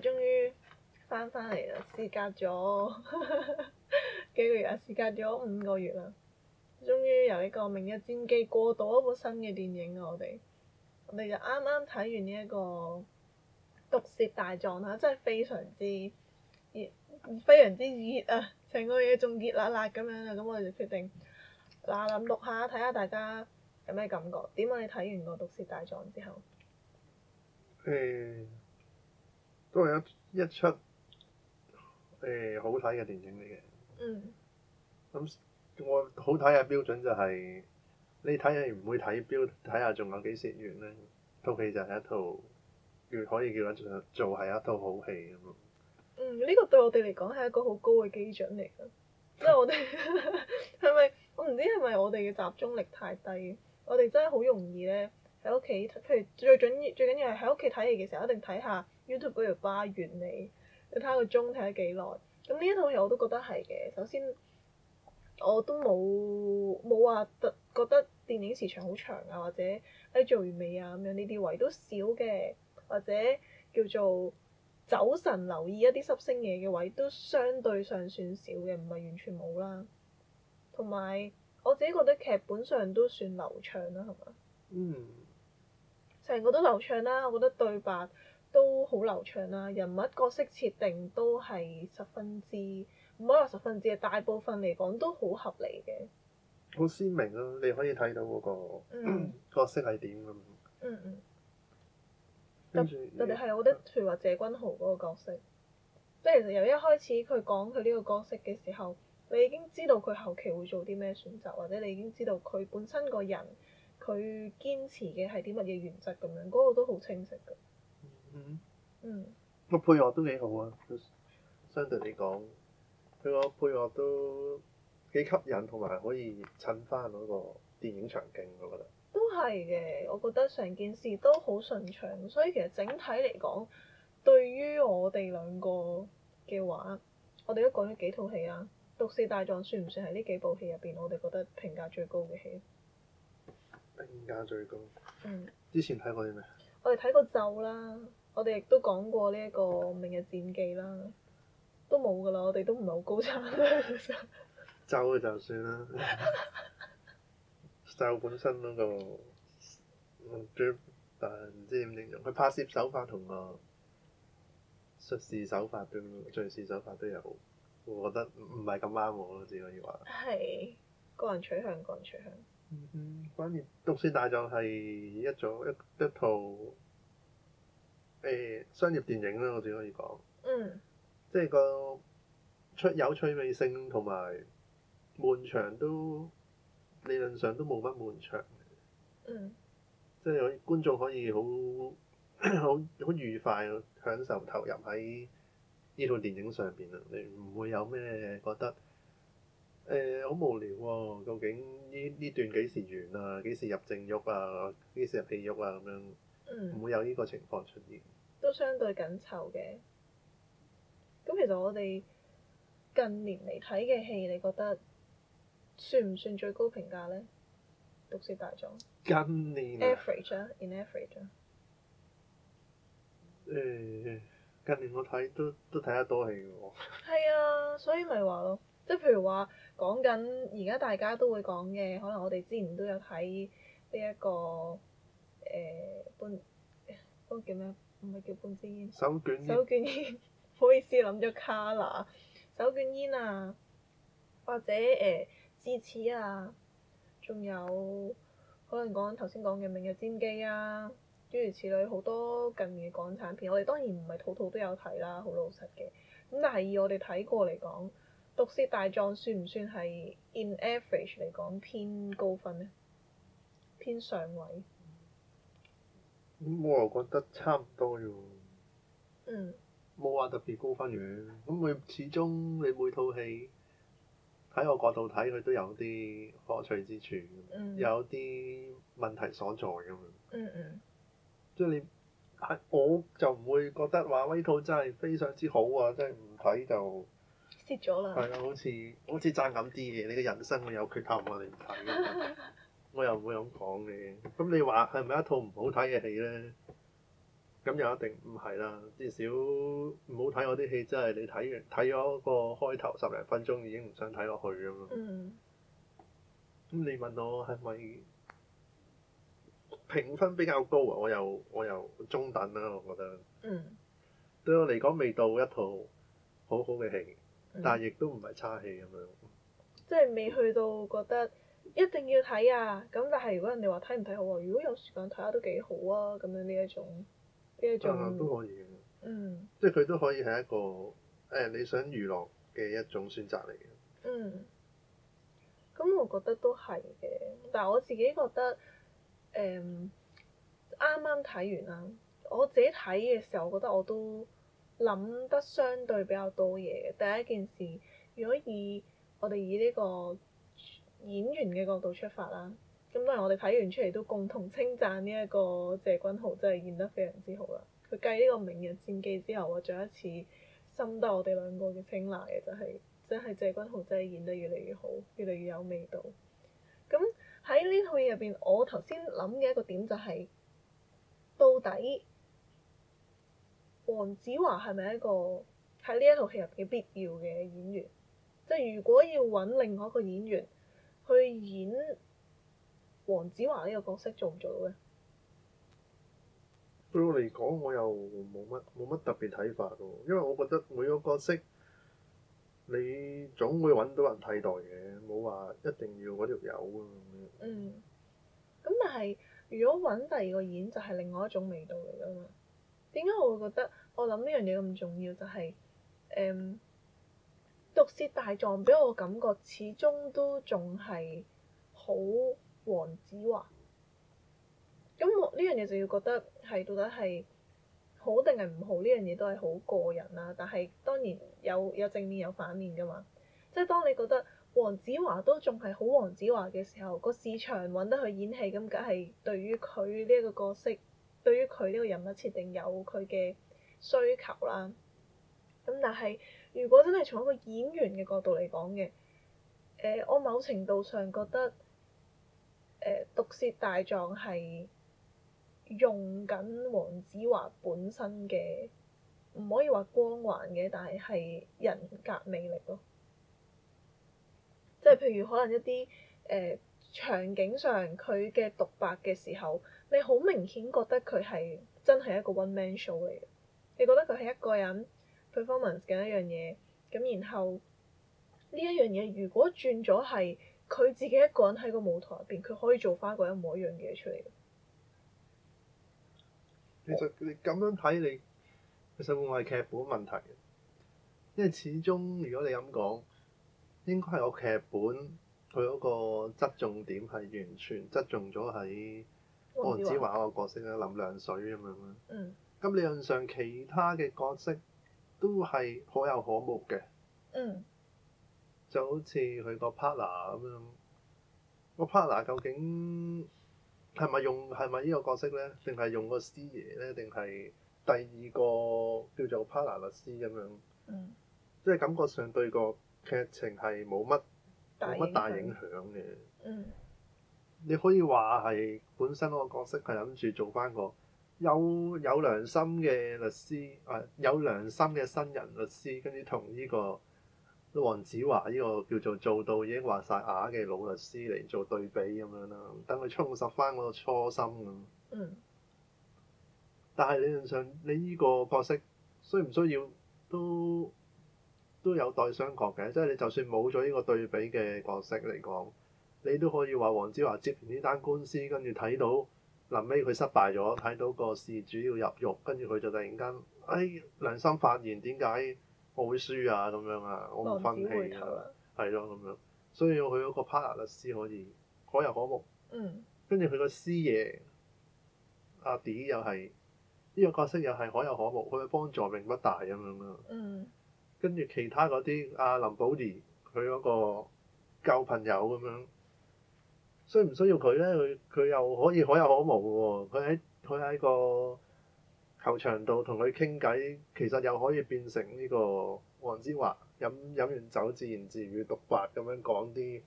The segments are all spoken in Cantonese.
終於翻翻嚟啦！事隔咗幾個月啊，事隔咗五個月啦，終於由呢個《明日之機明日戰記》過到一部新嘅電影，我哋我哋就啱啱睇完呢一個《毒舌大狀》啦，真係非常之熱，非常之熱啊！成個嘢仲熱辣辣咁樣，咁我哋就決定喇，喇錄下，睇下大家有咩感覺？點啊？你睇完個《毒舌大狀》之後？嗯都係一一出誒、呃、好睇嘅電影嚟嘅。嗯。咁、嗯、我好睇嘅標準就係、是、你睇係唔會睇錶睇下仲有幾時完，呢套戲就係一套叫可以叫做做係一套好戲咁。嗯，呢、嗯這個對我哋嚟講係一個好高嘅基準嚟嘅。即係我哋係咪？我唔知係咪我哋嘅集中力太低，我哋真係好容易呢，喺屋企。譬如最準最緊要係喺屋企睇戲嘅時候，一定睇下。YouTube 嗰條疤完未？你睇下個鐘睇咗幾耐？咁呢、嗯、一套戲我都覺得係嘅。首先，我都冇冇話特覺得電影時長好長啊，或者你做完未啊咁樣呢啲位都少嘅，或者叫做走神留意一啲濕星嘢嘅位都相對上算少嘅，唔係完全冇啦。同埋我自己覺得劇本上都算流暢啦、啊，係咪？嗯。成個都流暢啦、啊，我覺得對白，都好流暢啦、啊，人物角色設定都係十分之唔可以話十分之，大部分嚟講都好合理嘅。好鮮明啊。你可以睇到嗰、嗰個、嗯、 角色係點咁。嗯嗯。跟住特別係我覺得，譬 如話謝君豪嗰個角色，即係其實由一開始佢講佢呢個角色嘅時候，你已經知道佢後期會做啲咩選擇，或者你已經知道佢本身個人佢堅持嘅係啲乜嘢原則咁樣，嗰、嗰個都好清晰嘅。嗯，嗯，個配樂都幾好啊，相對嚟講，佢個配樂都幾吸引，同埋可以襯翻嗰個電影場景，我覺得。都係嘅，我覺得成件事都好順暢，所以其實整體嚟講，對於我哋兩個嘅話，我哋都講咗幾套戲啊，《毒舌大狀》算唔算係呢幾部戲入邊我哋覺得評價最高嘅戲？評價最高。嗯。之前睇過啲咩？我哋睇過咒《咒》啦。我哋亦都講過呢一個《明日戰記》啦，都冇噶啦，我哋都唔係好高產。 就就算啦。嗯、 就本身嗰、那個，但係唔知點形容，佢拍攝手法同個術士手法都，敘事手法都有，我覺得唔係咁啱我咯，只可以話。係個人取向，個人取向。嗯哼、嗯，反而《毒舌大狀》係一組一一,一,一套。誒、欸、商業電影啦，我只可以講，嗯，即係個出有趣味性同埋悶場都理論上都冇乜悶場，嗯，即係可以觀眾可以好好好愉快享受投入喺呢套電影上邊啦，你唔會有咩覺得誒好、欸、無聊喎、哦？究竟呢呢段幾時完啊？幾時入正肉啊？幾時入戲肉啊？咁樣，嗯，唔會有呢個情況出現。都相對緊湊嘅，咁其實我哋近年嚟睇嘅戲，你覺得算唔算最高評價呢？《毒舌大狀》近年啊啊 average 啊，in average。誒、欸，近年我睇都都睇得多戲嘅喎。係 啊，所以咪話咯，即係譬如話講緊而家大家都會講嘅，可能我哋之前都有睇呢一個誒搬嗰個叫咩？唔係叫半支煙，手捲煙。手捲煙， 不好意思諗咗卡啦。Color, 手捲煙啊，或者誒，支、呃、持啊，仲有可能講頭先講嘅《明日戰記》啊，諸如此類好多近年嘅港產片，我哋當然唔係套套都有睇啦，好老實嘅。咁但係以我哋睇過嚟講，算算《毒舌大狀》算唔算係 in average 嚟講偏高分呢？偏上位。咁、嗯、我又覺得差唔多啫喎，冇話、嗯、特別高分嘅。咁佢始終你每套戲，喺我角度睇佢都有啲可取之處，嗯、有啲問題所在咁樣、嗯。嗯嗯。即係你係我就唔會覺得話呢套真係非常之好啊！真係唔睇就蝕咗啦。係啊，好似好似讚咁啲嘅，你嘅人生會有缺陷啊！你唔睇。 我又唔會咁講嘅。咁你話係咪一套唔好睇嘅戲呢？咁又一定唔係啦，至少唔好睇我啲戲，真係你睇完睇咗個開頭十零分鐘已經唔想睇落去咁咯。嗯。咁你問我係咪評分比較高啊？我又我又中等啦，我覺得。嗯。對我嚟講，未到一套好好嘅戲，嗯、但係亦都唔係差戲咁樣。即係未去到覺得。一定要睇啊！咁但係如果人哋話睇唔睇好啊，如果有時間睇下都幾好啊！咁樣呢一種呢一種都可以嘅，嗯，即係佢都可以係、嗯、一個誒、哎、你想娛樂嘅一種選擇嚟嘅、嗯。嗯，咁、嗯、我覺得都係嘅，但係我自己覺得，誒、嗯，啱啱睇完啦，我自己睇嘅時候，我覺得我都諗得相對比較多嘢嘅。第一件事，如果以我哋以呢、呢個。演員嘅角度出發啦，咁當然我哋睇完出嚟都共同稱讚呢一個謝君豪真係演得非常之好啦。佢繼呢個《明日戰記》之後，我再一次深得我哋兩個嘅青睞嘅就係，即係謝君豪真係演得越嚟越好，越嚟越有味道。咁喺呢套戲入邊，我頭先諗嘅一個點就係、是，到底黃子華係咪一個喺呢一套戲入邊必要嘅演員？即係如果要揾另外一個演員。去演黃子華呢個角色做做，做唔做到咧？對我嚟講，我又冇乜冇乜特別睇法喎，因為我覺得每個角色你總會揾到人替代嘅，冇話一定要嗰條友啊嘛。嗯。咁但係，如果揾第二個演就係、是、另外一種味道嚟噶嘛？點解我會覺得我諗呢樣嘢咁重要？就係、是嗯《毒舌大狀》俾我感覺，始終都仲係好黃子華。咁呢樣嘢就要覺得係到底係好定係唔好呢樣嘢都係好個人啦。但係當然有有正面有反面噶嘛。即係當你覺得黃子華都仲係好黃子華嘅時候，個市場搵得佢演戲咁，梗係對於佢呢一個角色，對於佢呢個人物設定有佢嘅需求啦。咁但係。如果真係從一個演員嘅角度嚟講嘅，誒、呃，我某程度上覺得誒、呃《毒舌大狀》係用緊黃子華本身嘅唔可以話光環嘅，但係係人格魅力咯。即係譬如可能一啲誒、呃、場景上佢嘅獨白嘅時候，你好明顯覺得佢係真係一個 one man show 嚟嘅，你覺得佢係一個人。佢 performance 緊一樣嘢，咁然後呢一樣嘢，如果轉咗係佢自己一個人喺個舞台入邊，佢可以做翻嗰一模一樣嘢出嚟。其實你咁樣睇，你其實會唔會係劇本問題？因為始終如果你咁講，應該係我劇本佢嗰個側重點係完全側重咗喺黃子華玩嗰個角色咧，林涼水咁樣啦。嗯。咁理論上其他嘅角色，都係可有可無嘅，嗯，就好似佢個 partner 咁樣，個 partner 究竟係咪用係咪呢個角色呢？定係用個師爺呢？定係第二個叫做 partner 律師咁樣，即係、嗯、感覺上對個劇情係冇乜冇乜大影響嘅，嗯、你可以話係本身嗰個角色係諗住做翻個。有有良心嘅律師，誒、啊、有良心嘅新人律師，跟住同呢個黃子華呢個叫做做到已經話晒啞嘅老律師嚟做對比咁樣啦，等佢充實翻嗰個初心咁。嗯、但係理論上，你呢個角色需唔需要都都有待商榷嘅，即、就、係、是、你就算冇咗呢個對比嘅角色嚟講，你都可以話黃子華接完呢單官司，跟住睇到。臨尾佢失敗咗，睇到個事主要入獄，跟住佢就突然間，哎良心發現，點解我會輸啊？咁樣啊，我唔忿氣啊，係咯咁樣。所以佢去嗰個 partner 律師可以可有可無。跟住佢個師爺阿迪又係呢個角色又係可有可無，佢嘅幫助並不大咁樣咯。跟住、嗯、其他嗰啲，阿林寶儀佢嗰個舊朋友咁樣。需唔需要佢呢？佢佢又可以，可以可有可無嘅喎，哦。佢喺佢喺個球場度同佢傾偈，其實又可以變成呢個黃子華飲飲完酒自言自語獨白咁樣講啲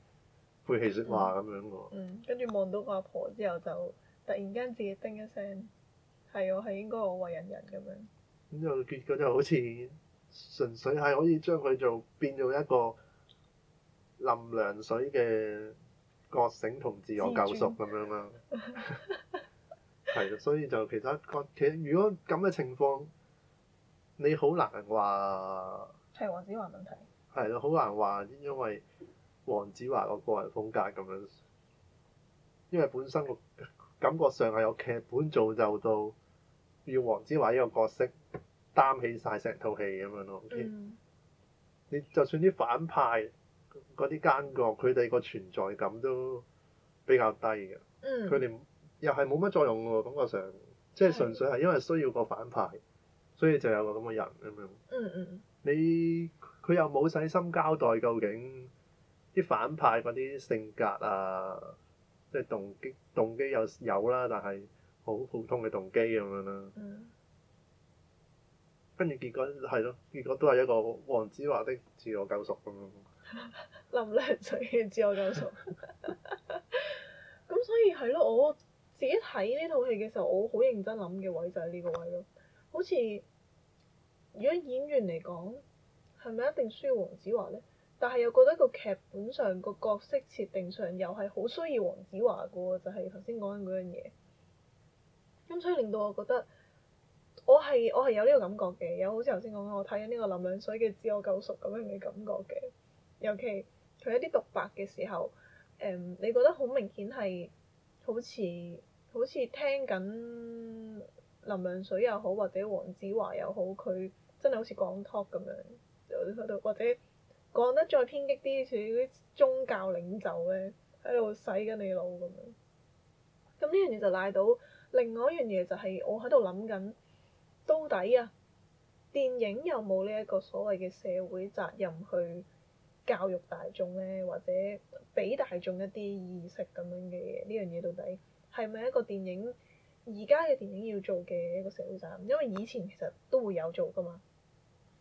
晦氣説話咁樣喎。跟住望到個阿婆之後，就突然間自己叮一聲，係我係應該好為人人咁樣。咁、嗯嗯嗯，就然人人，嗯、結果就好似純粹係可以將佢做變做一個淋涼水嘅。覺醒同自我救贖咁樣啦，係自尊 所以就其他個其實如果咁嘅情況，你好難話係黃子華問題，係咯，好難話，因為黃子華個個人風格咁樣，因為本身個感覺上係有劇本做就到，要黃子華呢個角色擔起晒成套戲咁樣咯，O K，你就算啲反派。嗰啲奸角，佢哋個存在感都比較低嘅。佢哋、嗯、又係冇乜作用喎，感覺上即係純粹係因為需要個反派，所以就有個咁嘅人咁樣、嗯。嗯嗯。你佢又冇細心交代究竟啲反派嗰啲性格啊，即係，動機動機有有啦，但係好普通嘅動機咁樣啦。嗯、跟住結果係咯，結果都係一個黃子華的自我救贖咁樣。 林涼水嘅自我救贖，咁所以係咯，我自己睇呢套戲嘅時候，我好認真諗嘅位就喺呢個位咯。好似如果演員嚟講，係咪一定需要黃子華咧？但係又覺得個劇本上個角色設定上又係好需要黃子華嘅喎，就係頭先講緊嗰樣嘢。咁所以令到我覺得，我係我係有呢個感覺嘅，有好似頭先講緊我睇緊呢個林涼水嘅自我救贖咁樣嘅感覺嘅。尤其佢一啲獨白嘅時候，誒、嗯，你覺得好明顯係好似好似聽緊林良水又好，或者黃子華又好，佢真係好似講 talk 咁樣，喺度或者講得再偏激啲，似嗰啲宗教領袖咧，喺度洗緊你腦咁樣。咁呢樣嘢就賴到另外一樣嘢，就係我喺度諗緊，到底啊，電影有冇呢一個所謂嘅社會責任去教育大眾咧，或者俾大眾一啲意識咁樣嘅嘢，呢樣嘢到底係咪一個電影而家嘅電影要做嘅一個社會責任？因為以前其實都會有做噶嘛，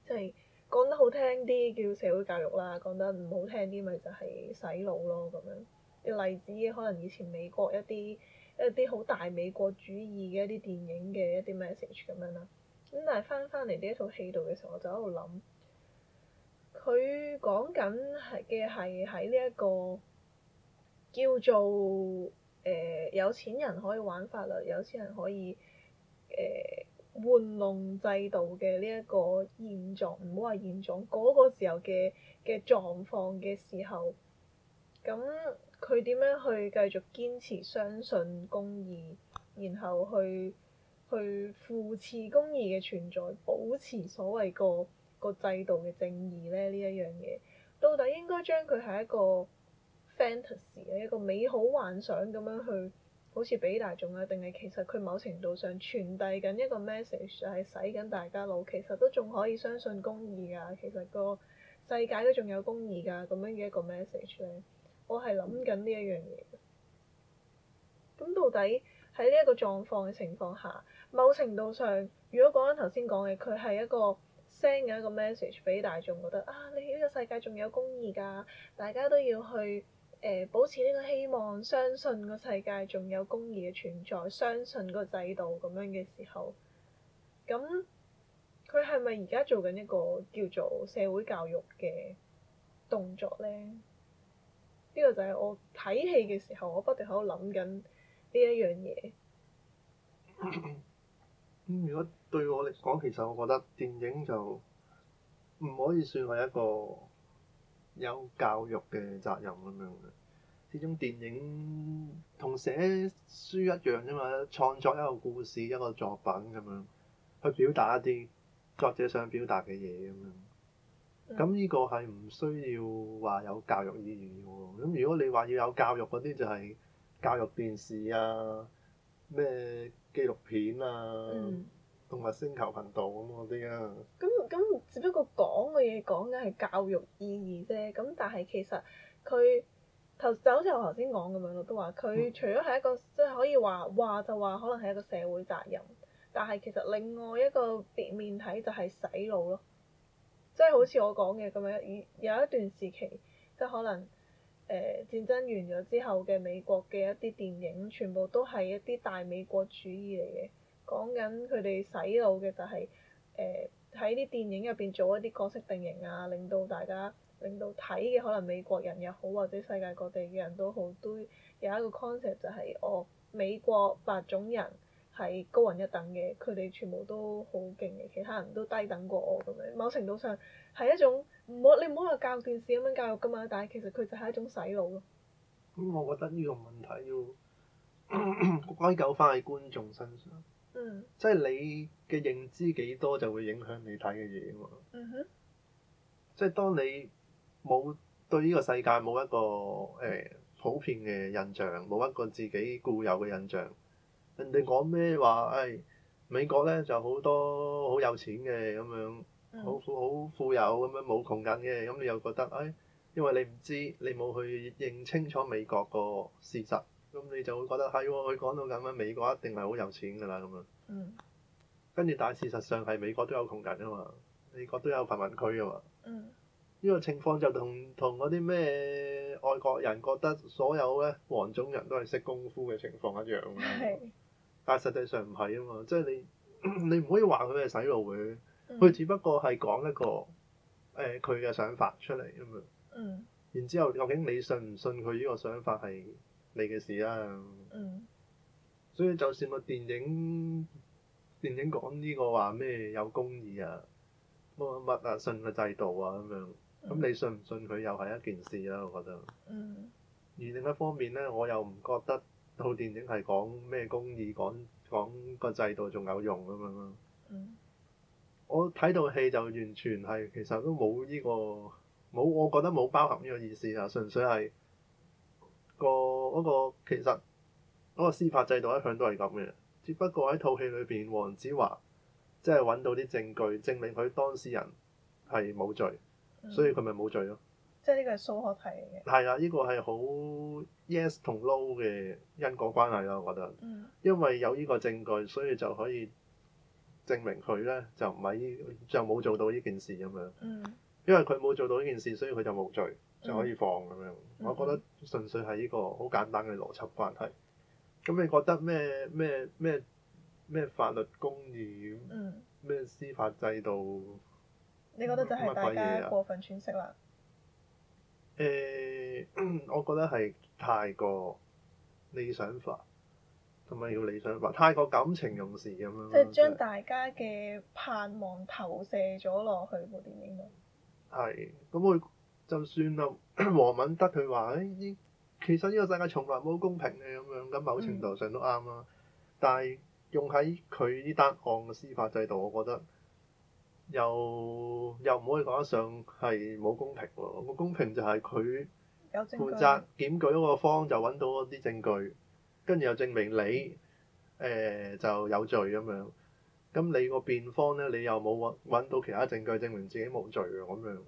即係講得好聽啲叫社會教育啦，講得唔好聽啲咪就係洗腦咯咁樣。例子可能以前美國一啲一啲好大美國主義嘅一啲電影嘅一啲 message 咁樣啦，咁但係翻翻嚟呢一套戲度嘅時候，我就喺度諗。佢講緊係嘅係喺呢一個叫做誒、呃、有錢人可以玩法律，有錢人可以誒、呃、玩弄制度嘅呢一個現狀，唔好話現狀嗰、那個時候嘅嘅狀況嘅時候，咁佢點樣去繼續堅持相信公義，然後去去扶持公義嘅存在，保持所謂個，個制度嘅正義咧，呢一樣嘢到底應該將佢係一個 fantasy 一個美好幻想咁樣去，好似俾大眾啊，定係其實佢某程度上傳遞緊一個 message 就係洗緊大家腦，其實都仲可以相信公義㗎，其實個世界都仲有公義㗎咁樣嘅一個 message 呢，我係諗緊呢一樣嘢。咁到底喺呢一個狀況嘅情況下，某程度上，如果講緊頭先講嘅，佢係一個。send 嘅一個 message 俾大眾，覺得啊，你呢個世界仲有公義㗎，大家都要去誒、呃、保持呢個希望，相信個世界仲有公義嘅存在，相信個制度咁樣嘅時候，咁佢係咪而家做緊一個叫做社會教育嘅動作咧？呢、呢個就係我睇戲嘅時候，我不斷喺度諗緊呢一樣嘢。嗯嗯嗯嗯。對我嚟講，其實我覺得電影就唔可以算係一個有教育嘅責任咁樣嘅。始終電影同寫書一樣啫嘛，創作一個故事一個作品咁樣去表達一啲作者想表達嘅嘢咁樣。咁呢個係唔需要話有教育意義喎。咁如果你話要有教育嗰啲，就係教育電視啊、咩紀錄片啊。嗯動物星球頻道咁嗰啲啊，咁咁只不過講嘅嘢講嘅係教育意義啫，咁但係其實佢就好似我頭先講咁樣咯，我都話佢除咗係一個、嗯、即係可以話話就話可能係一個社會責任，但係其實另外一個別面睇就係洗腦咯，即係好似我講嘅咁樣，有一段時期即可能誒、呃、戰爭完咗之後嘅美國嘅一啲電影，全部都係一啲大美國主義嚟嘅。講緊佢哋洗腦嘅就係、是，誒喺啲電影入邊做一啲角色定型啊，令到大家，令到睇嘅可能美國人又好，或者世界各地嘅人都好，都有一個 concept 就係、是、哦，美國白種人係高人一等嘅，佢哋全部都好勁嘅，其他人都低等過我咁樣。某程度上係一種唔好，你唔好話教育電視咁樣教育㗎嘛，但係其實佢就係一種洗腦。咁、嗯、我覺得呢個問題要，歸咎翻喺觀眾身上。即係你嘅認知幾多，就會影響你睇嘅嘢啊嘛。嗯、哼。即係當你冇對呢個世界冇一個誒、欸、普遍嘅印象，冇一個自己固有嘅印象，人哋講咩話，誒、哎、美國咧就好多好有錢嘅咁樣，好富好富有咁樣，冇窮人嘅，咁你又覺得誒、哎，因為你唔知，你冇去認清楚美國個事實。咁你就會覺得係喎，佢講到咁樣，美國一定係好有錢噶啦咁樣。跟住，但係事實上係美國都有窮人噶嘛，美國都有貧民區噶嘛。呢、嗯、個情況就同同嗰啲咩外國人覺得所有咧黃種人都係識功夫嘅情況一樣啦。係。但係實際上唔係啊嘛，即係你你唔可以話佢係洗腦嘅，佢、嗯、只不過係講一個誒佢嘅想法出嚟咁啊。嗯、然之後，究竟你信唔信佢呢個想法係？你嘅事啦，嗯、所以就算個電影電影講呢個話咩有公義啊，乜乜啊信個制度啊咁樣，咁你信唔信佢又係一件事啦、啊，我覺得。嗯、而另一方面呢，我又唔覺得套電影係講咩公義，講講個制度仲有用咁樣咯。嗯、我睇套戲就完全係其實都冇呢、呢個冇，我覺得冇包含呢個意思啊，純粹係。個嗰個其實嗰個司法制度一向都係咁嘅，只不過喺套戲裏邊，黃子華即係揾到啲證據證明佢當事人係冇罪，嗯、所以佢咪冇罪咯。即係呢個係數學題嚟嘅。係啊，呢、呢個係好 yes 同 low 嘅因果關係咯、啊，我覺得。嗯、因為有呢個證據，所以就可以證明佢咧就唔係呢就冇做到呢件事咁樣。嗯、因為佢冇做到呢件事，所以佢就冇罪。Mm hmm. 就可以放咁樣，mm hmm. 我覺得純粹係依個好簡單嘅邏輯關係。咁你覺得咩咩咩咩法律公義？咩、mm hmm. 司法制度？你覺得就係大家過分喘息揣測啦。誒、啊欸，我覺得係太過理想化，同埋要理想化，太過感情用事咁樣。即係將大家嘅盼望投射咗落去部電影度。係，咁會。就算啦，黃敏德佢話：，呢、哎，其實呢個世界從來冇公平嘅。咁樣咁某程度上都啱啦。嗯、但係用喺佢呢單案嘅司法制度，我覺得又又唔可以講得上係冇公平喎。個公平就係佢負責檢舉嗰個方就揾到啲證據，跟住又證明你誒、呃、就有罪咁樣。咁你個辯方咧，你又冇揾揾到其他證據證明自己冇罪嘅咁樣。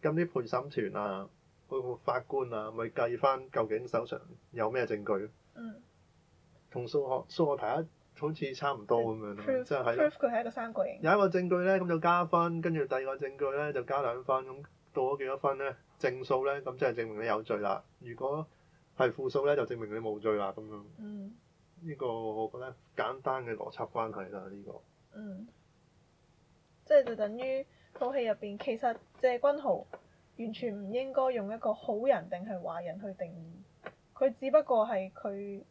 咁啲陪審團啊，嗰個法官啊，咪計翻究竟手上有咩證據？嗯。同數學數學題啊，好似差唔多咁樣咯，即係。prove 佢係一個三角形。有一個證據咧，咁就加分；跟住第二個證據咧，就加兩分。咁到咗幾多分咧？正數咧，咁即係證明你有罪啦。如果係負數咧，就證明你冇罪啦。咁樣。嗯。呢個我覺得簡單嘅邏輯關係啦，呢個。嗯。即係就等於。套戲入邊，其實謝君豪完全唔應該用一個好人定係壞人去定義，佢只不過係佢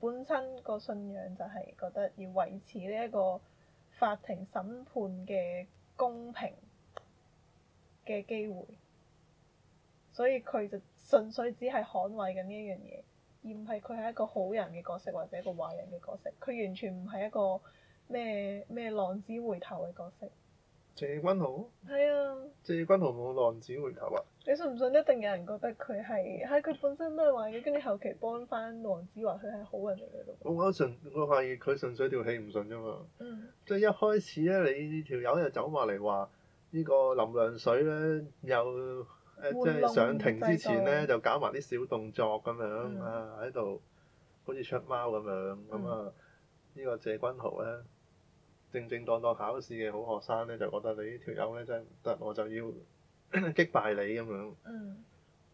本身個信仰就係覺得要維持呢一個法庭審判嘅公平嘅機會，所以佢就純粹只係捍衞緊呢一樣嘢，而唔係佢係一個好人嘅角色或者一個壞人嘅角色，佢完全唔係一個咩咩浪子回頭嘅角色。謝君豪？係啊。謝君豪冇浪子回頭啊？你信唔信？一定有人覺得佢係喺佢本身都係壞嘅，跟住後，後期幫翻黃子華，佢係好人嚟嘅咯。我講純，我發現佢純粹條氣唔順啫嘛。嗯。即係一開始咧，你條友又走埋嚟話呢個林良水咧，又，誒，即係、呃就是、上庭之前咧就搞埋啲小動作咁樣、嗯、啊，喺度好似出貓咁樣咁啊，呢、嗯嗯、個謝君豪咧。正正當當考試嘅好學生咧，就覺得你呢條友咧真係唔得，我就要 擊敗你咁樣。嗯、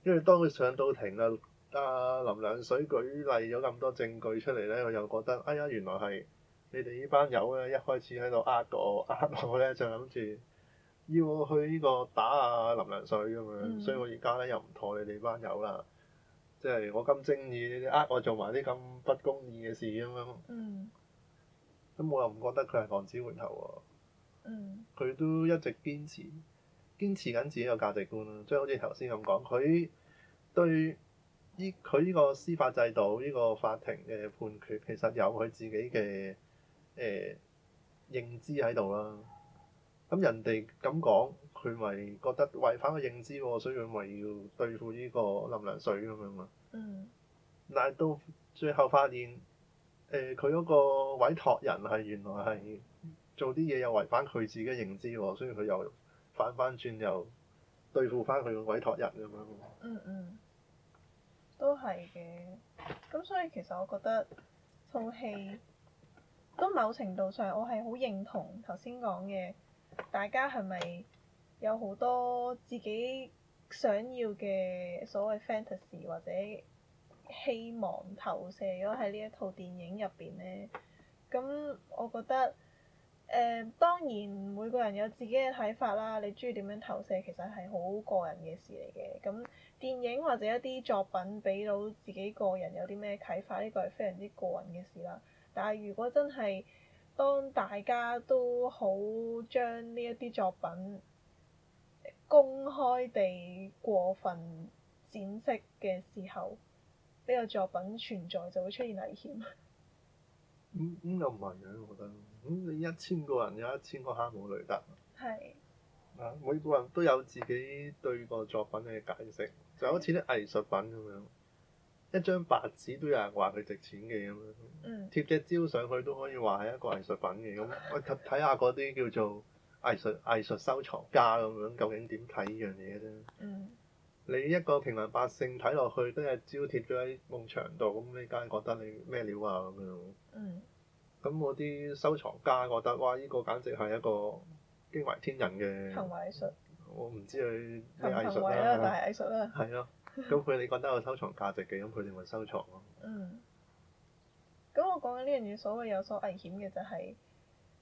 因為當佢上到庭啦，阿、啊、林良水舉例咗咁多證據出嚟咧，我就覺得哎呀，原來係你哋呢班友咧，一開始喺度呃我，呃我咧就諗住要我去呢個打下林良水咁樣，嗯、所以我而家咧又唔妥你哋班友啦。即、就、係、是、我咁正義，你哋呃我做埋啲咁不公義嘅事咁樣。嗯咁我又唔覺得佢係浪子回頭喎，佢都一直堅持堅持緊自己嘅價值觀啦。即係好似頭先咁講，佢對依佢依個司法制度、呢個法庭嘅判決，其實有佢自己嘅誒認知喺度啦。咁人哋咁講，佢咪覺得違反個認知喎，所以佢咪要對付呢個林涼水咁樣嘛。嗯，但係到最後發現。呃，佢嗰個委託人係原來係做啲嘢又違反佢自己認知喎，所以佢又反翻轉，又對付翻佢個委託人咁樣。嗯嗯，都係嘅。咁所以其實我覺得套戲都某程度上我係好認同頭先講嘅，大家係咪有好多自己想要嘅所謂 fantasy 或者？希望投射咗喺呢一套電影入邊咧，咁我覺得誒、呃、當然每個人有自己嘅睇法啦。你中意點樣投射其實係好個人嘅事嚟嘅。咁電影或者一啲作品俾到自己個人有啲咩啟發，呢、這個係非常之個人嘅事啦。但係如果真係當大家都好將呢一啲作品公開地過分展示嘅時候，呢個作品存在就會出現危險。咁，咁又唔係嘅，我覺得。咁、嗯、你一千個人有一千個哈姆雷特。係。啊，每個人都有自己對個作品嘅解釋。就好似啲藝術品咁樣，一張白紙都有人話佢值錢嘅咁樣。嗯。貼隻蕉上去都可以話係一個藝術品嘅。咁我睇下嗰啲叫做藝術藝術收藏家咁樣，究竟點睇呢樣嘢啫。嗯。你一個平民百姓睇落去都係張貼咗喺夢牆度，咁你梗係覺得你咩料啊咁樣？嗯。咁我啲收藏家覺得，哇！呢個簡直係一個驚為天人嘅行為藝術。我唔知佢咩藝術但行為啦，係藝術啦。係咯。咁佢哋覺得有收藏價值嘅，咁佢哋咪收藏咯。嗯。咁我講緊呢樣嘢，所謂有所危險嘅就係，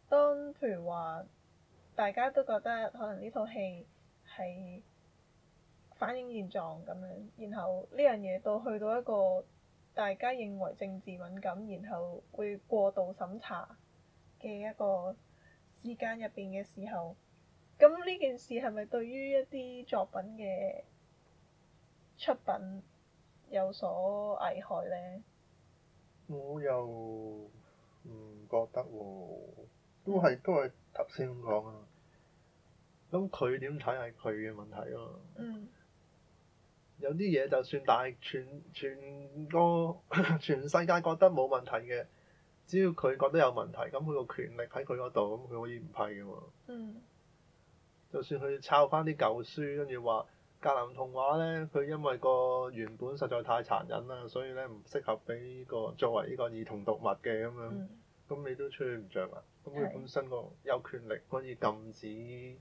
當譬如話，大家都覺得可能呢套戲係。反映現狀咁樣，然後呢樣嘢到去到一個大家認為政治敏感，然後會過度審查嘅一個時間入邊嘅時候，咁呢件事係咪對於一啲作品嘅出品有所危害呢？我又唔覺得喎、哦，都係都係頭先咁講啊。咁佢點睇係佢嘅問題咯。嗯。有啲嘢就算大，全全個呵呵全世界覺得冇問題嘅，只要佢覺得有問題，咁佢個權力喺佢嗰度，咁佢可以唔批嘅喎。嗯、就算佢抄翻啲舊書，跟住話《格林童話》呢，佢因為個原本實在太殘忍啦，所以呢唔適合俾個作為呢個兒童讀物嘅咁樣。咁、嗯、你都吹唔着啊？咁佢本身個有權力可以禁止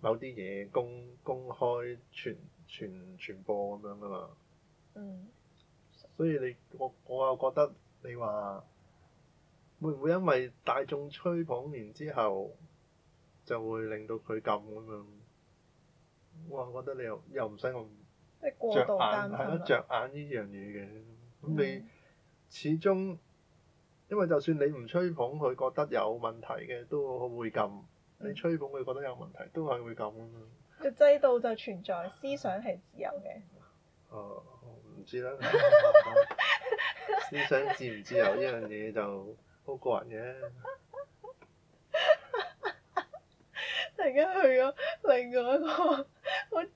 某啲嘢公公開傳。傳傳播咁樣㗎嘛，嗯、所以你我我又覺得，你話會唔會因為大眾吹捧，完之後就會令到佢撳咁樣？我覺得你又又唔使咁着眼啦，著眼呢樣嘢嘅，咁你始終因為就算你唔吹捧，佢覺得有問題嘅都會撳，嗯、你吹捧，佢覺得有問題都係會撳㗎嘛。個制度就存在，思想係自由嘅。哦、呃，唔知啦。啊、 思想自唔自由呢樣嘢就好個人嘅。 突然間去咗另外一個好 哲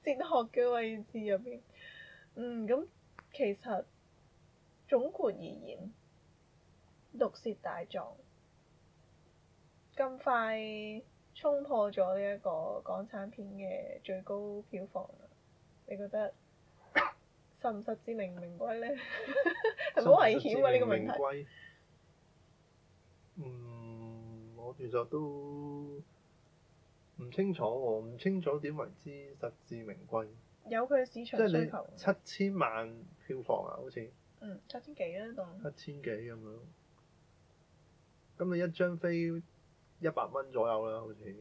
學嘅位置入邊。嗯，咁其實總括而言，毒舌大狀咁快，衝破咗呢一個港產片嘅最高票房，你覺得實唔實至名歸呢 實實名歸咧？好危險㗎呢個問題實實名名歸。嗯，我其實都唔清楚喎，唔清楚點為之實至名歸。有佢嘅市場需求。即七千萬票房啊，好似。嗯，七千幾啊？當。七千幾咁樣，咁你一張飛？一百蚊左右啦，好似。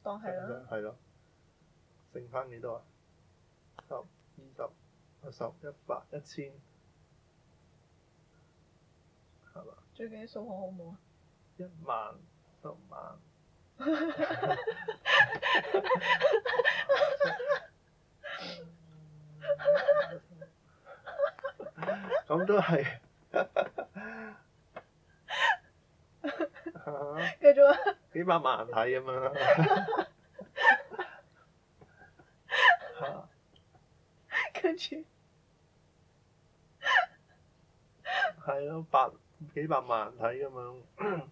當係啦、啊。係咯。剩翻幾多啊？十、二十、十、一 百、 一千，係嘛？最近數學好唔好啊？一萬、十萬。咁都係。繼續啊！幾百萬人睇咁樣，跟住係咯，百幾百萬人睇咁樣。咁、 嗯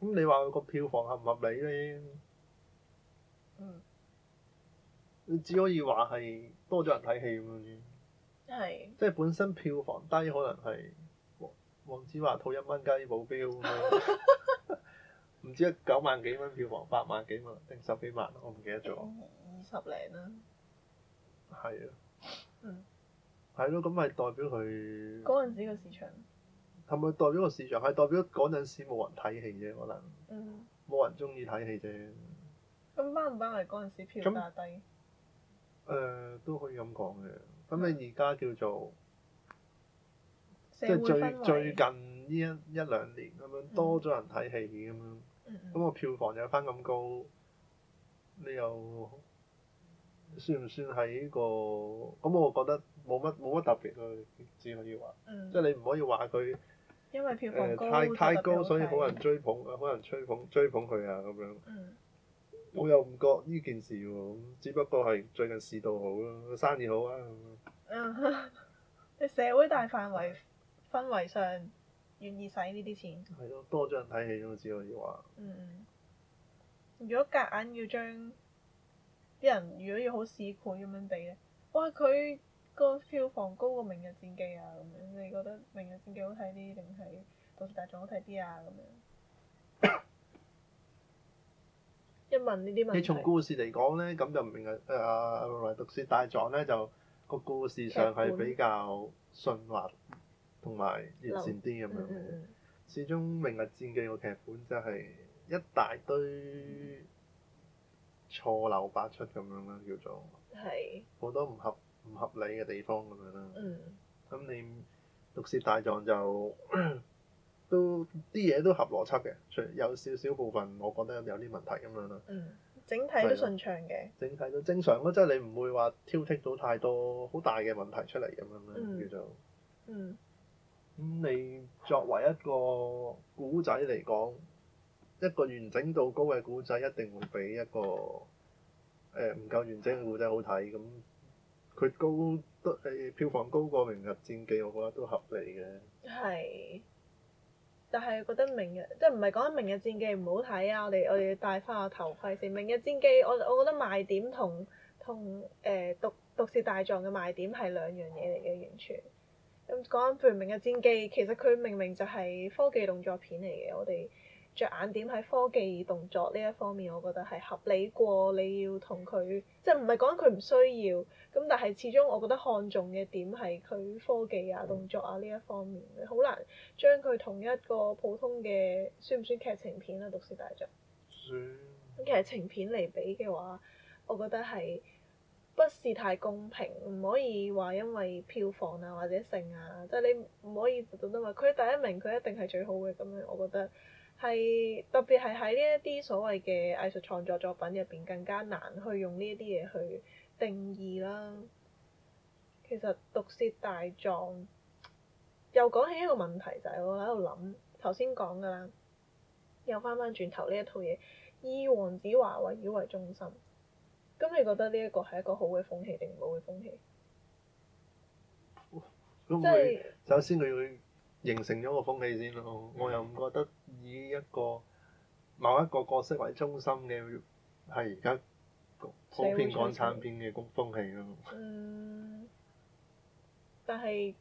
嗯、你話個票房合唔合理呢？嗯、你只可以話係多咗人睇戲咁樣，的即係本身票房低，可能係。黃子華套一蚊雞保鏢，唔知九萬幾蚊票房，八萬幾蚊定十幾萬，我唔記得咗。二十零啦。係啊。嗯。係咯、啊，咁咪代表佢。嗰陣時個市場。係咪代表個市場？係代表嗰陣時冇人睇戲啫，可能。冇、嗯、人中意睇戲啫。咁包唔包係嗰陣時票價低、嗯呃？都可以咁講嘅。咁你而家叫做？即係最最近呢一一兩年咁樣多咗人睇戲咁樣，咁個、嗯、票房又翻咁高，你又算唔算係呢個？咁我覺得冇乜冇乜特別咯、啊，只可以話，嗯、即係你唔可以話佢因為票房誒、呃、太太高，好所以冇人追捧，冇人追捧追捧佢啊咁樣。嗯。我又唔覺呢件事喎、啊，只不過係最近市道好咯、啊，生意好啊咁樣。嗯， 社會大範圍。 氛圍上願意使呢啲錢，係咯，多張睇戲咁樣子可以話。嗯，嗯。如果夾硬要將啲人，如果要好市儈咁樣地咧，哇！佢個票房高過《明日戰記》啊，咁樣你覺得《明日戰記》好睇啲定係《毒舌大狀》好睇啲啊？咁樣一問呢啲問題。你從故事嚟講咧，咁就明日誒來《毒舌大狀》咧，就個故事上係比較順滑。同埋完善啲咁樣，嗯嗯、始終《明日戰記》個劇本就係一大堆錯漏百出咁樣啦，叫做。係是。好多唔合唔合理嘅地方咁樣啦。嗯。咁你《毒舌大狀》就都啲嘢都合邏輯嘅，除有少少部分我覺得有啲問題咁樣啦、嗯。整體都順暢嘅。整體都正常咯，即係你唔會話挑剔到太多好大嘅問題出嚟咁樣啦，叫做、嗯嗯。嗯。咁、嗯、你作為一個古仔嚟講，一個完整度高嘅古仔一定會比一個誒唔、呃、夠完整嘅古仔好睇。咁、嗯、佢高都誒、呃、票房高過《明日戰記》，我覺得都合理嘅。係。但係覺得《明日》即係唔係講《明日戰記》唔好睇啊！我哋我哋戴翻個頭盔先，《明日戰記》我我覺得賣點同同誒《毒毒舌大狀》嘅賣點係兩樣嘢嚟嘅，完全。咁、嗯、講緊《明日戰記》，其實佢明明就係科技動作片嚟嘅，我哋着眼點喺科技動作呢一方面，我覺得係合理過你要同佢，即唔係講佢唔需要。咁但係始終我覺得看重嘅點係佢科技啊、動作啊呢一方面，好難將佢同一個普通嘅算唔算劇情片啊？讀《毒舌大狀》算劇情片嚟比嘅話，我覺得係。不是太公平，唔可以話因為票房啊或者成啊，即係你唔可以做到咪佢第一名，佢一定係最好嘅，咁樣我覺得係，特別係喺呢一啲所謂嘅藝術創作作品入邊，更加難去用呢一啲嘢去定義啦。其實《毒舌大狀》又講起一個問題，就係我喺度諗頭先講噶啦，又翻翻轉頭呢一套嘢以黃子華為繞為中心。咁你覺得呢一個係一個好嘅風氣定唔好嘅風氣？即係首先佢形成咗個風氣先咯，嗯、我又唔覺得以一個某一個角色為中心嘅係而家普遍港產片嘅風風氣咯、 嗯。但係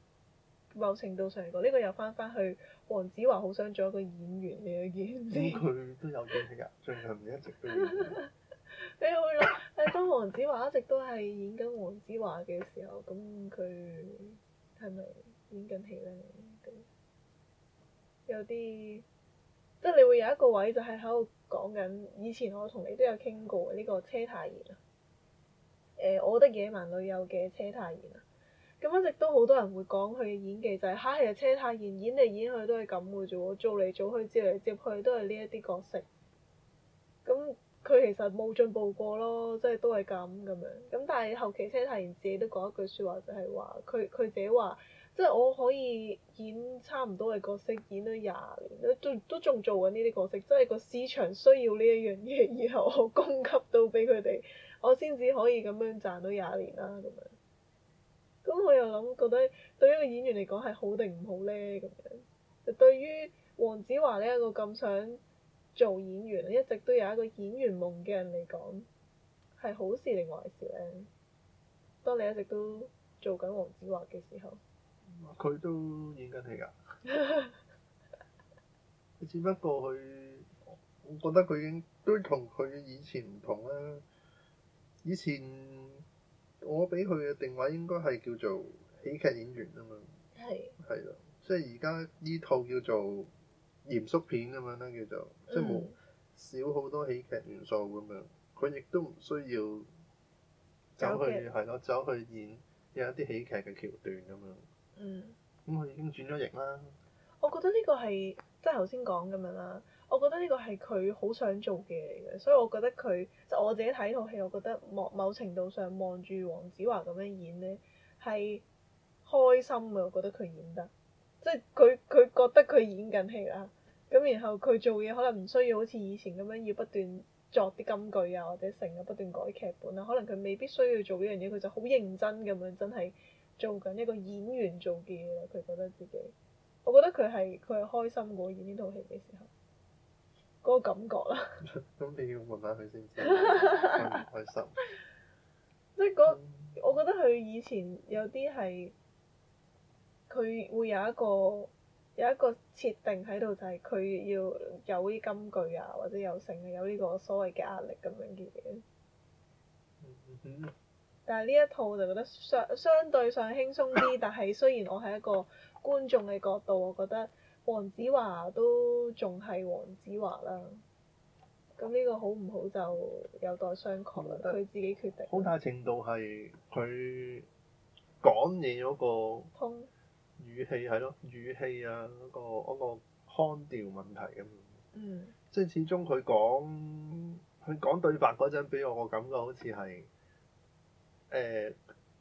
某程度上講，呢、呢個又翻返去黃子華好想做一個演員嘅演件佢都有嘅，最近一直都。 你會諗誒？當黃子華一直都係演緊黃子華嘅時候，咁佢係咪演緊戲咧？有啲即、就係、你會有一個位就，就係喺度講緊以前我同你都有傾過呢、呢個車太賢啊，誒、呃《我的野蠻女友》嘅車太賢啊，咁一直都好多人會講佢嘅演技就係、係，嚇其實車太賢演嚟演去都係咁嘅啫喎，做嚟做去接嚟接去都係呢一啲角色。佢其實冇進步過咯，即係都係咁咁樣。咁但係後期車太賢自己都講一句説話，就係話佢佢自己話，即係我可以演差唔多嘅角色，演到廿年，都都仲做緊呢啲角色。即係個市場需要呢一樣嘢，然後我供給到俾佢哋，我先至可以咁樣賺到廿年啦咁樣。咁我又諗覺得對於一個演員嚟講係好定唔好咧咁樣，就對於黃子華呢一個咁想，做演員，一直都有一個演員夢嘅人嚟講，係好事定壞事咧？當你一直都做緊黃子華嘅時候，佢都演緊戲㗎。 只不過佢，我覺得佢已經都同佢以前唔同啦。以前我俾佢嘅定位應該係叫做喜劇演員啊嘛。係是。係咯，即係而家呢套叫做。嚴肅片咁樣啦，叫做即係冇少好多喜劇元素咁樣，佢亦都唔需要去走去係咯，走去演有一啲喜劇嘅橋段咁樣。嗯。咁佢已經轉咗型啦。我覺得呢個係即係頭先講咁樣啦。我覺得呢個係佢好想做嘅嘢嚟嘅，所以我覺得佢即、就係、我自己睇套戲，我覺得望某程度上望住黃子華咁樣演呢，係開心嘅，我覺得佢演得，即係佢佢覺得佢演緊戲啦。咁然後佢做嘢可能唔需要好似以前咁樣要不斷作啲金句啊，或者成日不斷改劇本啊，可能佢未必需要做呢樣嘢，佢就好認真咁樣真係做緊一個演員做嘅嘢，佢覺得自己，我覺得佢係佢係開心過演呢套戲嘅時候，嗰個感覺啦。咁、 嗯、你要問下佢先知唔開心。即係嗰，我覺得佢以前有啲係，佢會有一個。有一個設定喺度就係、是、佢要有啲金句啊，或者有成有呢個所謂嘅壓力咁樣嘅嘢。嗯嗯、但係呢一套就覺得相相對上輕鬆啲，但係雖然我係一個觀眾嘅角度，我覺得黃子華都仲係黃子華啦。咁呢個好唔好就有待商榷啦，佢、嗯、自己決定。好大程度係佢講嘢嗰個。語氣係咯，語氣啊，嗰個嗰個腔調問題咁。嗯。即係始終佢講佢講對白嗰陣，俾我個感覺好似係誒，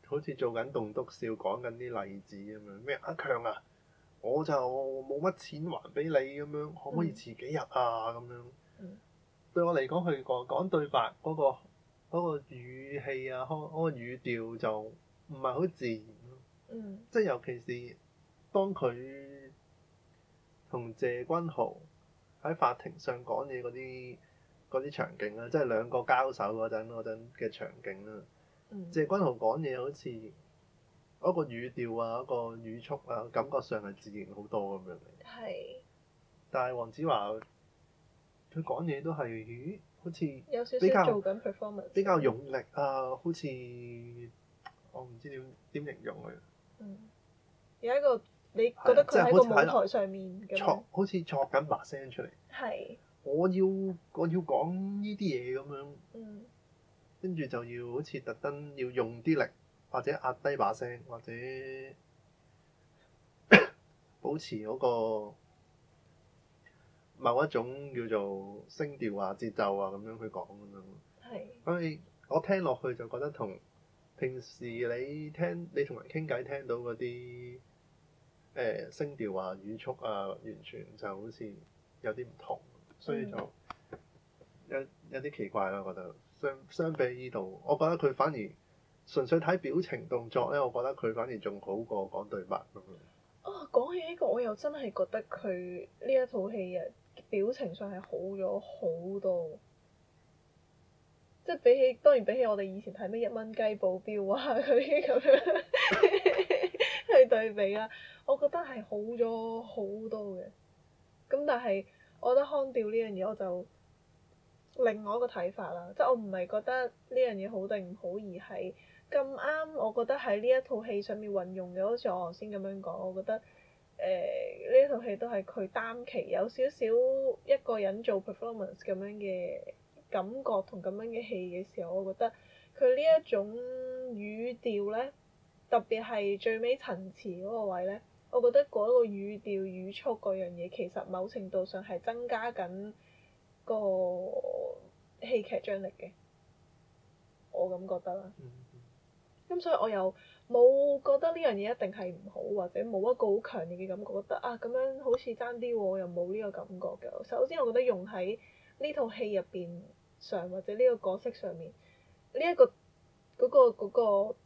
好似做緊棟篤笑，講緊啲例子咁樣。咩阿強啊！我就冇乜錢還俾你咁樣，可唔可以遲幾日啊？咁樣。嗯。對我嚟講，佢講講對白嗰個嗰個語氣啊，腔嗰個語調就唔係好自然。嗯。即係尤其是。當佢同謝君豪喺法庭上講嘢嗰啲嗰啲場景啦，即係兩個交手嗰陣嗰陣嘅場景啦。嗯、謝君豪講嘢好似嗰、嗰個語調啊，嗰、嗰個語速啊，感覺上係自然好多咁樣。係是，但係黃子華佢講嘢都係咦，好似有少少做緊 performance，比較用力啊、呃，好似我唔知點點形容佢。有一個。你覺得佢喺個舞台上面，挫好似挫緊把聲出嚟。係是。我要我要講呢啲嘢咁樣，跟住、嗯、就要好似特登要用啲力，或者壓低把聲，或者 保持嗰個某一種叫做聲調啊、節奏啊咁樣去講咁樣。係是。咁你我聽落去就覺得同平時你聽你同人傾偈聽到嗰啲。誒聲調啊、語速啊，完全就好似有啲唔同，所以就有有啲奇怪咯。我覺得相相比呢度，我覺得佢反而純粹睇表情動作咧，我覺得佢反而仲好過講對白咁樣。啊、哦，講起呢個，我又真係覺得佢呢一套戲啊，表情上係好咗好多。即係比起當然比起我哋以前睇咩一蚊雞保鏢啊嗰啲咁樣。 對比啦、啊，我覺得係好咗好多嘅。咁但係，我覺得腔調呢樣嘢我就另外一個睇法啦。即我唔係覺得呢樣嘢好定唔好，而係咁啱。我覺得喺呢一套戲上面運用嘅，好似我頭先咁樣講，我覺得誒呢一套戲都係佢單期有少少一個人做 performance 咁樣嘅感覺同咁樣嘅戲嘅時候，我覺得佢呢一種語調呢。特別係最尾陳詞嗰個位咧，我覺得嗰個語調語速嗰樣嘢，其實某程度上係增加緊個戲劇張力嘅。我咁覺得啦。咁、嗯嗯、所以我又冇覺得呢樣嘢一定係唔好，或者冇一個好強烈嘅感覺。覺得啊，咁樣好似爭啲喎，我又冇呢個感覺嘅。首先我覺得用喺呢套戲入邊上或者呢個角色上面，呢一個嗰個嗰個。那個那個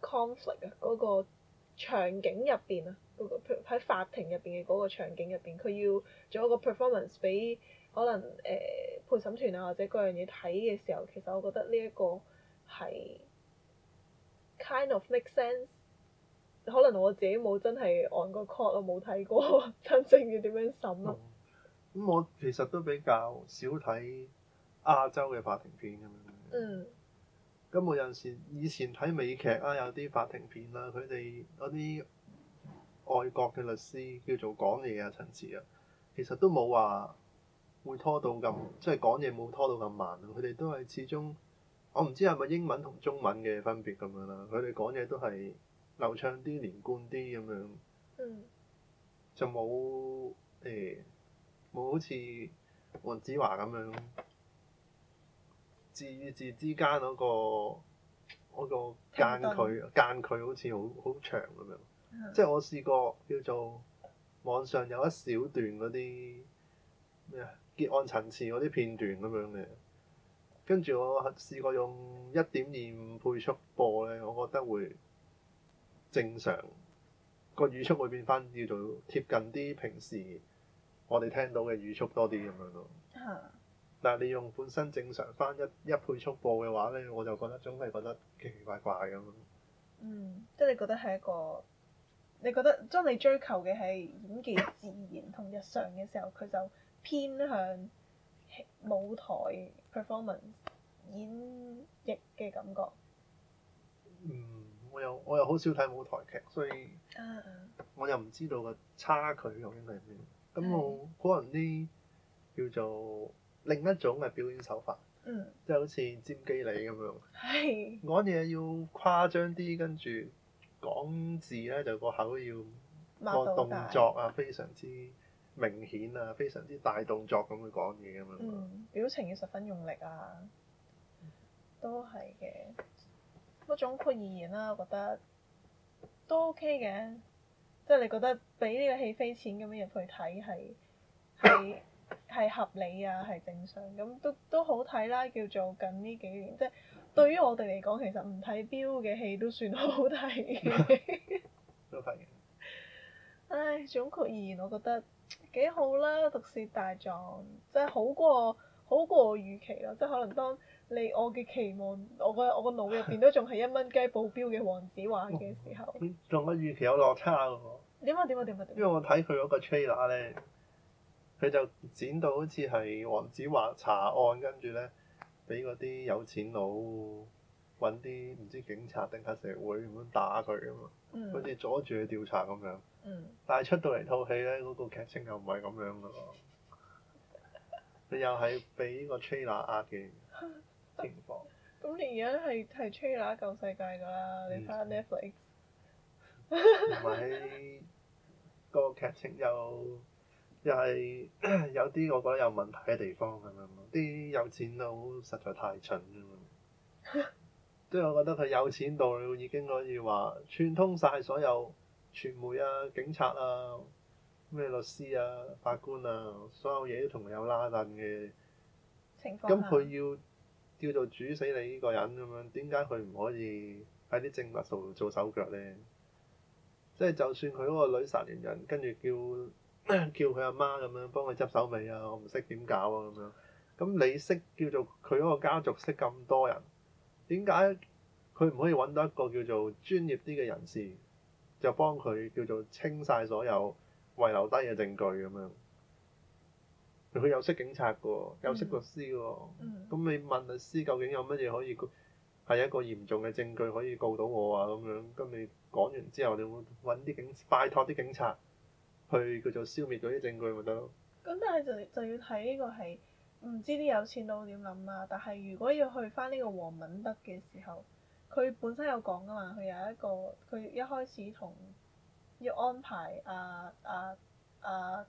conflict 啊，嗰個場景入邊啊，嗰、嗰個喺法庭入邊嘅嗰個場景入邊，佢要做一個 performance 俾可能誒、呃、陪審團啊或者嗰樣嘢睇嘅時候，其實我覺得呢一個係 kind of make sense。可能我自己冇真係按個 code，我冇睇過真正要點樣審咯、嗯。咁我其實都比較少睇亞洲嘅法庭片咁樣。嗯。咁冇有陣時，以前睇美劇啊，有啲法庭片啦，佢哋嗰啲外國嘅律師叫做講嘢啊陳詞啊，其實都冇話會拖到咁，即係講嘢冇拖到咁慢。佢哋都係始終，我唔知係咪英文同中文嘅分別咁樣啦。佢哋講嘢都係流暢啲、連貫啲咁、欸、樣，就冇誒冇好似黃子華咁樣。字與字之間嗰、那個嗰、那個、間距懂間距好似好好長咁樣，嗯、即係我試過叫做網上有一小段嗰啲咩啊結案陳詞嗰啲片段咁樣嘅，跟住我試過用一點二五倍速播咧，我覺得會正常個語速會變翻叫做貼近啲平時我哋聽到嘅語速多啲咁樣咯。嗯但係你用本身正常翻一一倍速播嘅話咧，我就覺得總係覺得奇奇怪怪咁咯。嗯，即係你覺得係一個，你覺得當你追求嘅係演技自然同日常嘅時候，佢就偏向舞台 performance 演繹嘅感覺。嗯，我又我又好少睇舞台劇，所以、啊、我又唔知道個差距究竟係咩。咁我個人啲叫做～另一種係表演手法，即係、嗯、好似占基利咁樣，講嘢是要誇張啲，跟住講字咧就個口要個動作啊，非常之明顯啊，非常之大動作咁去講嘢咁樣。表情要十分用力啊，都係嘅。不過總括而言啦、啊，我覺得都 OK 嘅，即、就、係、是、你覺得俾呢個戲飛錢咁樣入去睇係係。 係合理啊，係正常咁都都好睇啦，叫做近呢幾年即係對於我哋嚟講，其實唔睇標嘅戲都算好睇。睇 嘅是。唉，總括而言，我覺得幾好啦，《毒舌大狀》真係好過好過我預期咯，即可能當你我嘅期望，我個我個腦入邊都仲係一蚊雞保鏢嘅黃子華嘅時候。仲過、哦、預期有落差嘅喎。點啊點啊點啊點！啊，因為我睇佢嗰個 t r a 佢就剪到好似係黃子華查案，跟住呢，俾嗰啲有錢佬搵啲唔知警察定黑社會咁打佢噶嘛，嗯、好似阻住佢調查咁樣。嗯、但係出到嚟套戲呢，嗰個劇情又唔係咁樣噶咯。佢又係俾個 trailer 呃嘅情況。咁你而家係係 trailer 救世界噶啦，你翻 Netflix。唔係。個劇情又～就係 有啲我覺得有問題嘅地方咁樣，啲有錢佬實在太蠢㗎嘛！即係蛤我覺得佢有錢到已經可以話串通晒所有傳媒啊、警察啊、咩律師啊、法官啊，所有嘢都同佢有拉攏嘅。情況、啊。咁佢要叫做煮死你呢個人咁樣，點解佢唔可以喺啲證物度做手腳呢？即、就、係、是、就算佢嗰個女殺人，人，人跟住叫。叫佢阿媽咁樣幫佢執手尾啊！我唔識點搞啊咁樣。咁你識叫做佢嗰個家族識咁多人，點解佢唔可以揾到一個叫做專業啲嘅人士，就幫佢叫做清晒所有遺留低嘅證據咁樣？佢又識警察嘅，又識律師嘅。嗯、mm。咁、hmm。你問律師究竟有乜嘢可以告？係一個嚴重嘅證據可以告到我啊咁樣。咁你講完之後，你會揾啲警，拜托啲警察。去佢就消滅嗰啲證據咪得咯。咁但係就就要睇呢個係唔知啲有錢佬點諗啦。但係如果要去翻呢個王敏德嘅時候，佢本身有講噶嘛。佢有一個佢一開始同要安排阿阿阿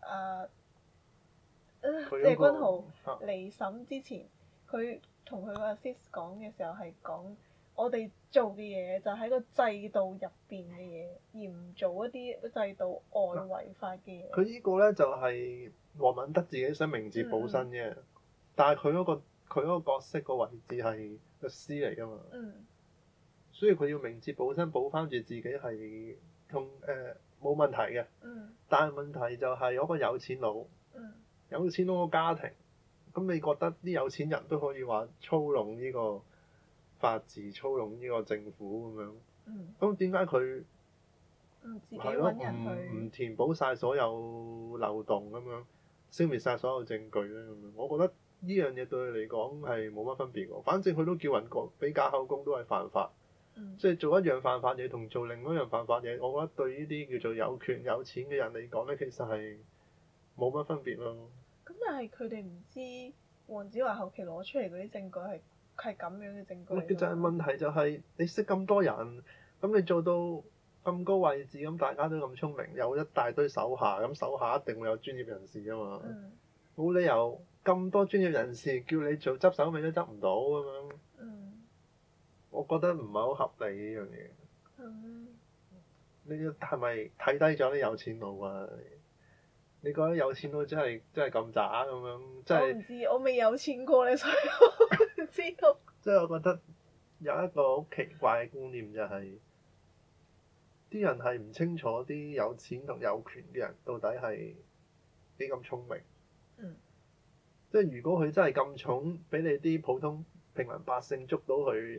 阿謝君豪離審之前，佢同佢個阿 sis 講嘅時候係講。我哋做嘅嘢就喺個制度入邊嘅嘢，而唔做一啲制度外違法嘅嘢。佢呢個呢，就係、是、黃敏德自己想明哲保身啫，嗯、但係佢嗰個佢嗰個角色個位置係律師嚟㗎嘛，嗯、所以佢要明哲保身保翻住自己係同誒冇問題嘅。嗯、但係問題就係嗰個有錢佬，嗯、有錢佬個家庭，咁你覺得啲有錢人都可以話操弄呢、這個？法治操弄呢個政府咁樣，咁點解佢係咯唔唔填補晒所有漏洞咁樣，消滅晒所有證據咧咁樣？我覺得呢樣嘢對佢嚟講係冇乜分別喎。反正佢都叫人講，俾假口供都係犯法。即係、嗯、做一樣犯法嘢同做另一樣犯法嘢，我覺得對呢啲叫做有權有錢嘅人嚟講呢，其實係冇乜分別咯。咁、嗯、但係佢哋唔知黃子華後期攞出嚟嗰啲證據係。係咁樣嘅證據，就係問題就係、是、你識咁多人，咁你做到咁高位置，咁大家都咁聰明，有一大堆手下，咁手下一定會有專業人士㗎嘛，冇、嗯、理由咁多專業人士叫你做執手尾都執唔到咁樣，嗯、我覺得唔係好合理呢樣嘢。嗯、你呢係咪睇低咗啲有錢佬啊？你覺得有錢都真係真係咁渣咁樣？我唔知，我未有錢過你。所以我唔知道。即係我覺得有一個好奇怪嘅觀念就係，啲人係唔清楚啲有錢同有權嘅人到底係幾咁聰明。嗯。即係如果佢真係咁重，俾你啲普通平民百姓捉到佢，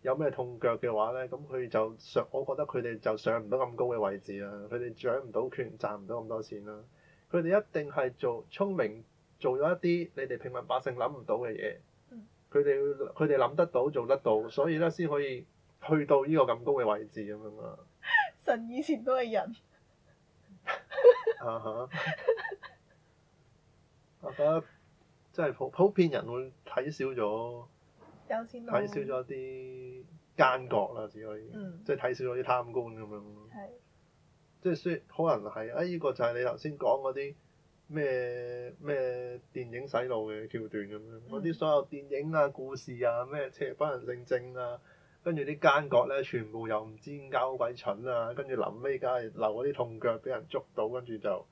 有咩痛腳嘅話呢，咁佢就上，我覺得佢哋就上唔到咁高嘅位置啦，佢哋掌唔到權，賺唔到咁多錢啦。佢哋一定係做聰明，做咗一啲你哋平民百姓諗唔到嘅嘢。佢哋，佢哋諗得到，做得到，所以咧先可以去到呢個咁高嘅位置咁樣啦。神以前都係人。我覺得即係普普遍人會睇少咗，睇少咗啲奸角啦，只可以，嗯、即係睇少咗啲貪官咁樣。即係雖然可能係啊，依、哎這個就係你頭先講嗰啲咩咩電影洗腦嘅橋段咁樣，嗰啲所有電影啊、故事啊、咩邪不能勝正啊，跟住啲奸角咧全部又唔知點搞鬼蠢啊，跟住臨尾梗係留嗰啲痛腳俾人捉到，跟住就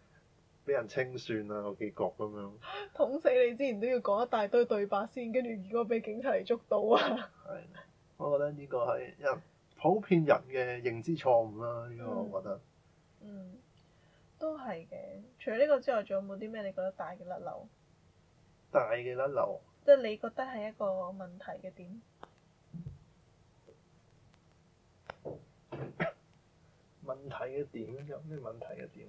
俾人清算啊個結局咁樣。捅死你之前都要講一大堆對白先，跟住結果俾警察嚟捉到啊！係， 我覺得呢個係一普遍人嘅認知錯誤啦。呢、這個我覺得。嗯，都係嘅。除咗呢個之外，仲有冇啲咩你覺得大嘅甩漏？大嘅甩漏，即係你覺得係一個問題嘅點？問題嘅點有咩問題嘅點？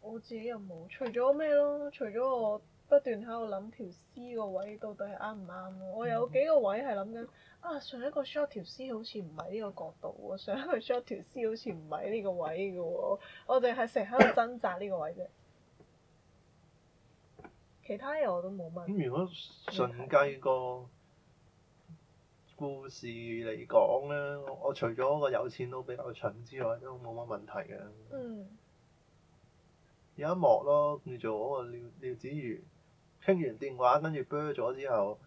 我自己又冇，除咗咩咯？除咗我。不斷喺度諗條屍個位到底係啱唔啱，我有幾個位係諗緊啊，上一個 shot 條屍好似唔係呢個角度，上一個 shot 條屍好似唔係呢個位㗎，我哋係成喺度掙扎呢個位啫。其他嘢我都冇乜。咁、嗯、如果順計個故事嚟講呢，嗯、我除咗個有錢佬比較蠢之外，都冇乜問題嘅。嗯。有一幕咯，叫做嗰個廖廖子瑜。傾完電話，跟住 bear 咗之後，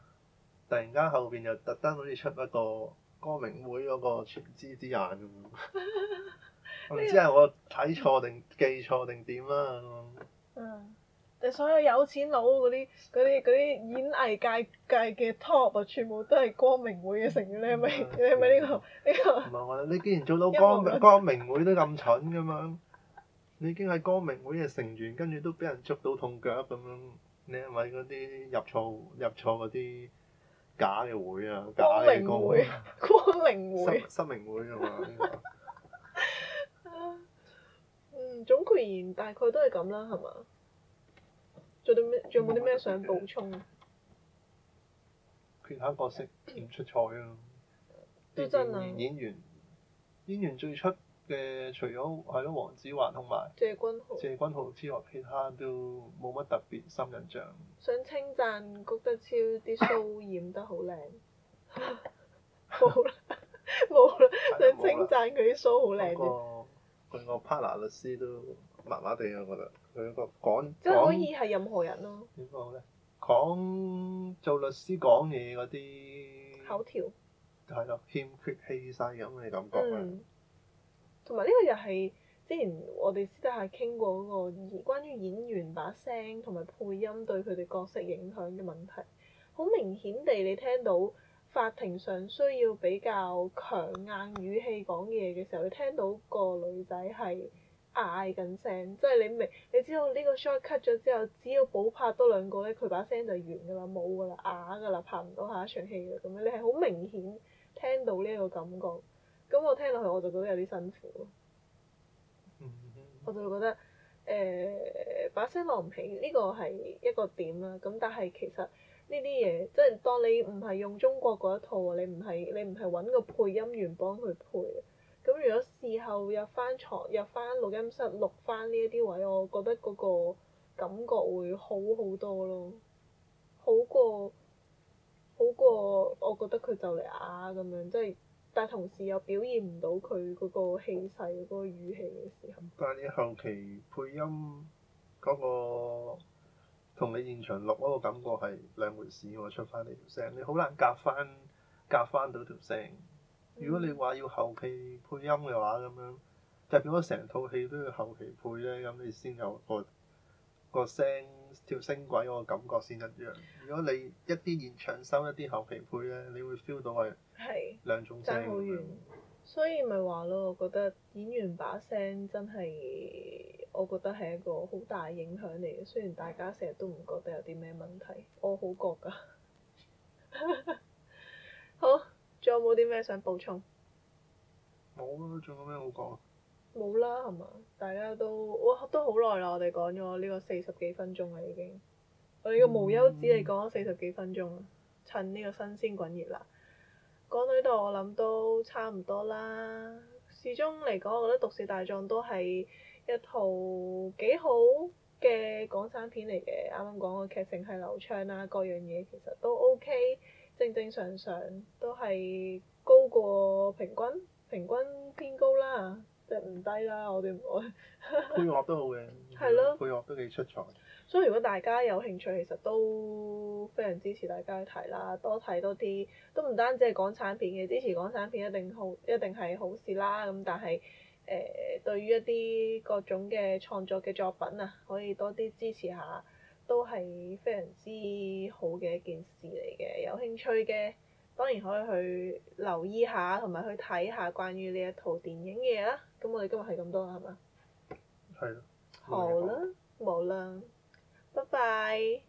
突然間後邊又特登好似出一個光明會嗰個全知之眼咁，我唔知係我睇錯定記錯定點啦咁。嗯，所有有錢佬嗰啲嗰啲嗰啲演藝界界嘅 top 啊，全部都係光明會嘅成員你係咪？係咪呢個呢個？唔係我，你既然做到光光明會都咁蠢咁樣，你已經係光明會嘅成員，跟住都俾人捉到痛腳咁樣。你係咪嗰啲入錯入錯嗰啲假嘅會啊？假嘅歌會，光明會、啊，失明會啊嘛。嗯，總括而言，大概都係咁啦，係嘛？仲有咩？仲有冇啲咩想補充？其他、啊、角色唔出彩啊！都真係演員演員最出。嘅除咗係咯，黃子華同埋謝君豪，謝君豪之外，其他都冇乜特別深印象。想稱讚谷德昭啲鬚染得好靚。冇啦，冇啦！想稱讚佢啲 show 好靚嘅。佢個 partner 律師都麻麻地啊，我覺得佢個講講即係可以係任何人咯、啊。點講咧？講做律師講嘢嗰啲口條，係咯，欠缺氣勢咁嘅感覺。嗯。同埋呢個又係之前我哋私底下傾過嗰個演關於演員把聲同埋配音對佢哋角色影響嘅問題，好明顯地你聽到法庭上需要比較強硬語氣講嘢嘅時候，你聽到個女仔係嗌緊聲，即係你明，你知道呢個 shot cut 咗之後，只要補拍多兩個咧，佢把聲就完㗎啦，冇㗎啦，啞㗎啦，拍唔到下一場戲㗎咁樣，你係好明顯聽到呢個感覺。咁我聽落去我就覺得有啲辛苦， 我就會覺得誒、呃、把聲落唔起呢個係一個點啦。咁但係其實呢啲嘢，即係當你唔係用中國嗰一套啊，你唔係你唔係搵個配音員幫佢配。咁如果事後入翻廠入翻錄音室錄翻呢一啲位，我覺得嗰個感覺會好好多咯，好過好過我覺得佢就嚟啊咁樣，即係。但同時又表現唔到佢嗰個，氣勢嗰個語氣嘅時候。但係你後期配音嗰個同你現場錄嗰個感覺係兩回事喎，出翻嚟條聲，你好難夾翻夾翻到條聲。如果你話要後期配音嘅話，咁樣就係變咗成套戲都要後期配咧，咁你先有個個聲。條聲軌我感覺先一樣，如果你一啲現場收一啲後期配呢，你會 feel 到係兩種聲，所以咪話咯，我覺得演員把聲真係，我覺得係一個好大影響嚟嘅。雖然大家成日都唔覺得有啲咩問題，我好覺㗎。 好，仲有冇啲咩想補充？冇啊，仲有咩好講？冇啦，係嘛？大家都哇，都好耐啦！我哋講咗呢個四十幾分鐘啦，已經我哋個無休止嚟講咗四十幾分鐘，趁呢個新鮮滾熱辣。講到呢度，我諗都差唔多啦。始終嚟講，我覺得《毒舌大狀》都係一套幾好嘅港產片嚟嘅。啱啱講個劇情係流暢啦，啊，各樣嘢其實都 O、OK, K，正正常常都係高過平均，平均偏高啦。即係唔低啦，我哋唔會配樂都好嘅。係咯 的。配樂都幾出彩。所以如果大家有興趣，其實都非常支持大家去睇啦，多睇多啲，都唔單止係港產片嘅，支持港產片一定好，一定係好事啦。咁但係誒、呃，對於一啲各種嘅創作嘅作品啊，可以多啲支持下，都係非常之好嘅一件事嚟嘅。有興趣嘅當然可以去留意下，同埋去睇下關於呢一套電影嘅嘢啦。咁我哋今日係咁多啦，係嘛？係。好啦，冇啦，拜拜。